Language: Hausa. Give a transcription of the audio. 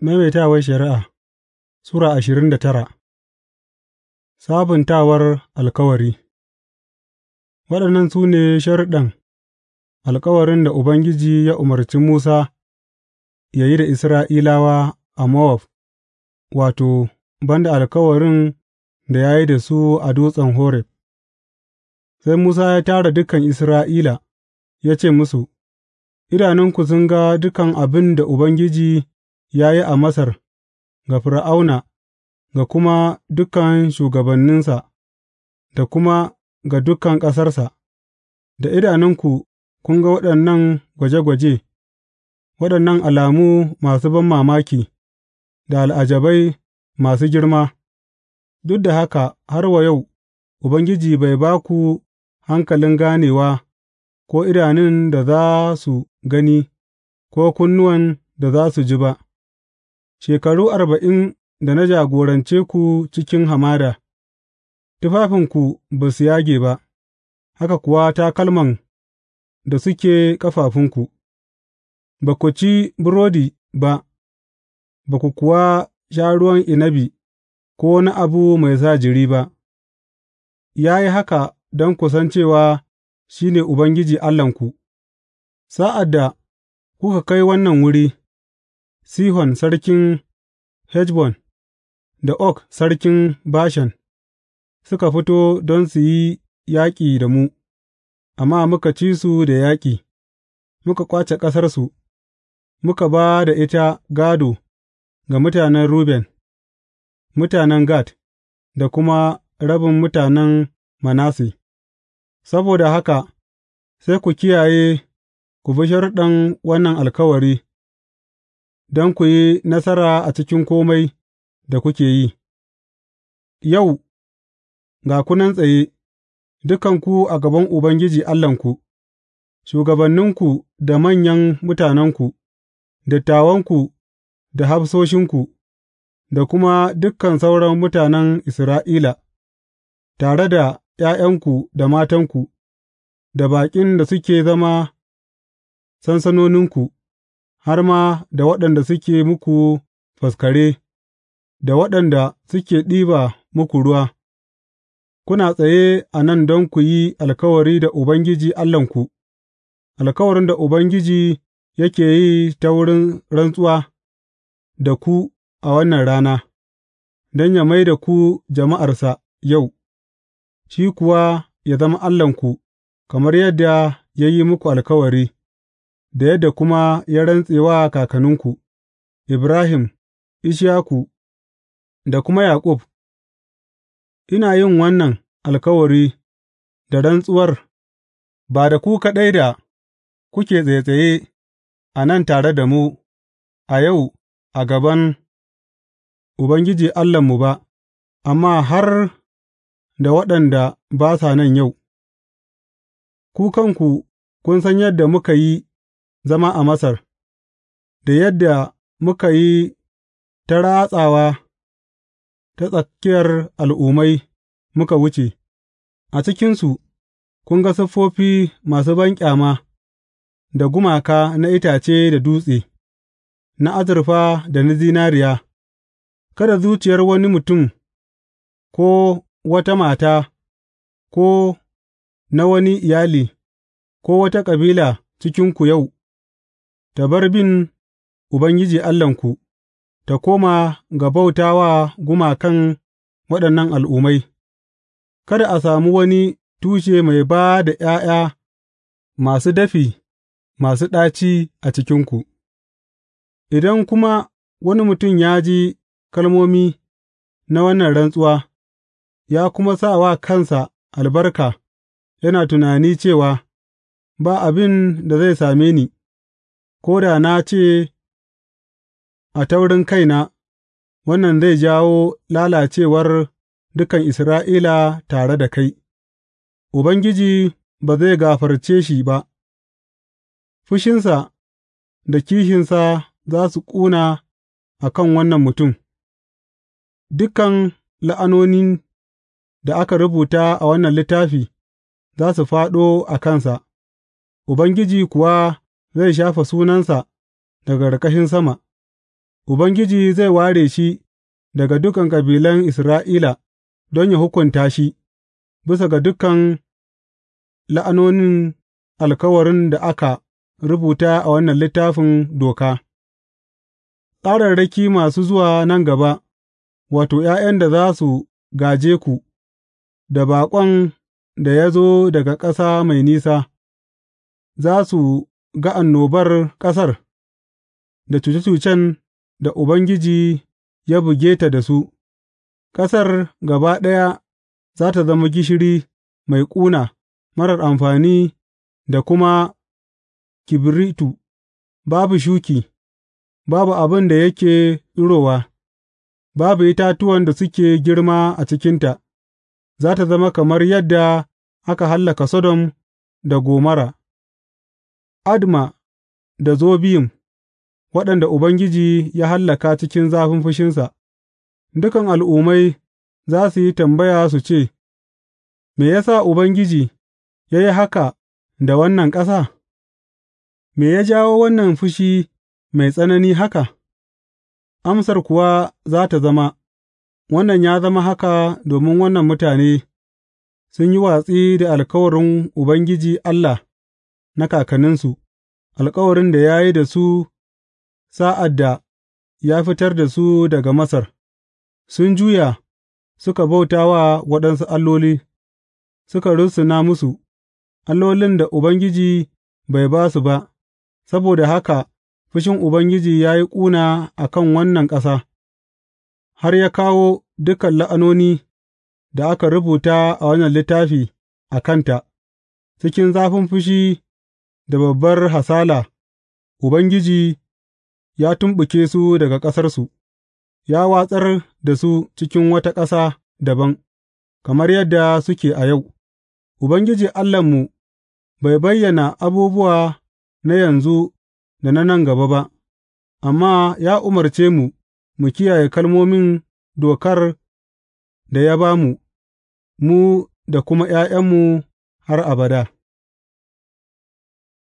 Maimaitawar Shari'a Sura ashirin da tara Sabuntawar alkawari Waɗannan su ne sharuɗan alkawarin da Ubangiji ya umarci Musa ya yi da Isra'ilawa a Mowab, wato, ban da alkawarin da ya yi da su a Dutsen Horeb. Sai Musa ya tara dukan Isra'ila, ya ce musu, Idanunku sun ga dukan abin da Ubangiji ya yi a Masar ga Fir'auna ga kuma dukan shugabanninsa da kuma ga dukan ƙasarsa, da idanunku kun ga waɗannan gwaje gwaje, waɗannan alamu masu ban mamaki, da al'ajabai masu girma, duk da haka har wa yau Ubangiji bai ba ku hankalin ganewa ko idanun da za su gani ko kunnuwan da za su ji ba. Shekaru arba'in da na jagorance ku cikin hamada, tufafinku ba su yage ba, haka kuwa takalman da suke ƙafafunku; ba ku ci burodi ba, ba ku kuwa sha ruwan inabi ko wani abu mai sa jiri ba, ya yi haka don ku san cewa shi ne Ubangiji Allahnku, sa'ad da kuka kai wannan wuri. Sihon sarkin Heshbon da Og sarkin Bashan suka fito don su yi yaƙi da mu, amma muka ci su da yaƙi, muka ƙwace ƙasarsu, muka ba da ita gado ga mutanen Ruben, mutanen Gad da kuma rabin mutanen Manasse, saboda haka sai ku kiyaye ku bi sharuɗan wannan alkawari. don ku yi nasara a cikin kome da kuke yi, yau, ga kunan tsaye, dukanku a gaban Ubangiji Allahnku, shugabanninku da manyan mutanenku, dattawanku da hafsoshinku, da kuma dukan sauran mutanen Isra'ila, tare da ’ya'yanku da matanku, da baƙin da suke zama sansanoninku. har ma da waɗanda suke muku faskare, da waɗanda suke ɗiba muku ruwa, kuna tsaye a nan don ku yi alkawari da Ubangiji Allahnku, alkawarin da Ubangiji yake yi ta wurin rantsuwa da ku a wannan rana, don ya mai da ku jama'arsa yau, shi kuwa ya zama Allahnku, kamar yadda ya yi muku alkawari. da yadda kuma ya rantse wa kakanninku, Ibrahim, Ishaku da kuma Yaƙub, ina yin wannan alkawari da rantsuwar ba da ku kaɗai da kuke tsaye a nan tare da mu a yau a gaban Ubangiji Allahnmu ba, amma har da waɗanda ba sa nan yau, ku kanku kun san yadda muka yi zama a Masar, da yadda muka yi ta ratsawa ta tsakiyar al'ummai muka wuce, a cikinsu kun ga siffofi masu banƙyama da gumaka na itace da dutse, na azurfa da na zinariya, kada zuciyar wani mutum ko wata mata ko na wani iyali ko wata ƙabila cikinku yau. ta bar bin Ubangiji Allahnku, ta koma ga bauta wa gumakan waɗannan al'ummai, kada a sami wani tushe mai ba da ’ya'ya masu dafi masu ɗaci a cikinku, idan kuma wani mutum ya ji kalmomi na wannan rantsuwa, ya kuma sa wa kansa albarka, yana tunani cewa, Ba abin da zai same ni, ko da na ce a taurin kaina, wannan zai jawo lalacewar dukan Isra'ila tare da kai, Ubangiji ba zai gafarce shi ba, fushinsa da kishinsa za su ƙuna a kan wannan mutum, dukan la'anonin da aka rubuta a wannan littafi za su fāɗo a kansa, Ubangiji kuwa zai shafe sunansa daga ƙarƙashin sama, Ubangiji zai ware shi daga dukan kabilan Isra'ila don yă hukunta shi, bisa ga dukan la'anonin alkawarin da aka rubuta a wannan littafin doka, tsararraki masu zuwa nan gaba, wato, ’ya'yan da za su gaje ku, da baƙon da ya zo daga ƙasa mai nisa, za su ga annobar ƙasar, da cuce cucen da Ubangiji ya buge ta da su, ƙasar gaba ɗaya za ta zama gishiri mai ƙuna, marar amfani da kuma kibiritu, babu shuki, babu abin da yake tsirowa, babu itatuwan da suke girma a cikinta, za ta zama kamar yadda aka hallaka Sodom da Gomara. Adma da Zobiyim, waɗanda Ubangiji ya hallaka cikin zafin fushinsa, dukan al'ummai za su yi tambaya su ce, Me ya sa Ubangiji ya yi haka da wannan ƙasa? Me ya jawo wannan fushi mai tsanani haka? Amsar kuwa za ta zama, Wannan ya zama haka domin wannan mutane sun yi watsi da alkawarin Ubangiji Allah. na kakanninsu, alkawarin da ya yi da su sa'ad da ya fitar da su daga Masar, sun juya suka bauta wa waɗansu alloli, suka rusuna musu, allolin da Ubangiji bai ba su ba, saboda haka fushin Ubangiji ya yi ƙuna a kan wannan ƙasa, har ya kawo dukan la'anoni da aka rubuta a wannan littafi a kanta, cikin zafin fushi da babbar hasala, Ubangiji ya tumɓuke su daga ƙasarsu, ya watsar da su cikin wata ƙasa daban, kamar yadda suke a yau. Ubangiji Allahnmu bai bayyana abubuwa na yanzu da na nan gaba ba, amma ya umarce mu mu kiyaye kalmomin dokar da ya ba mu, mu da kuma ’ya'yanmu har abada.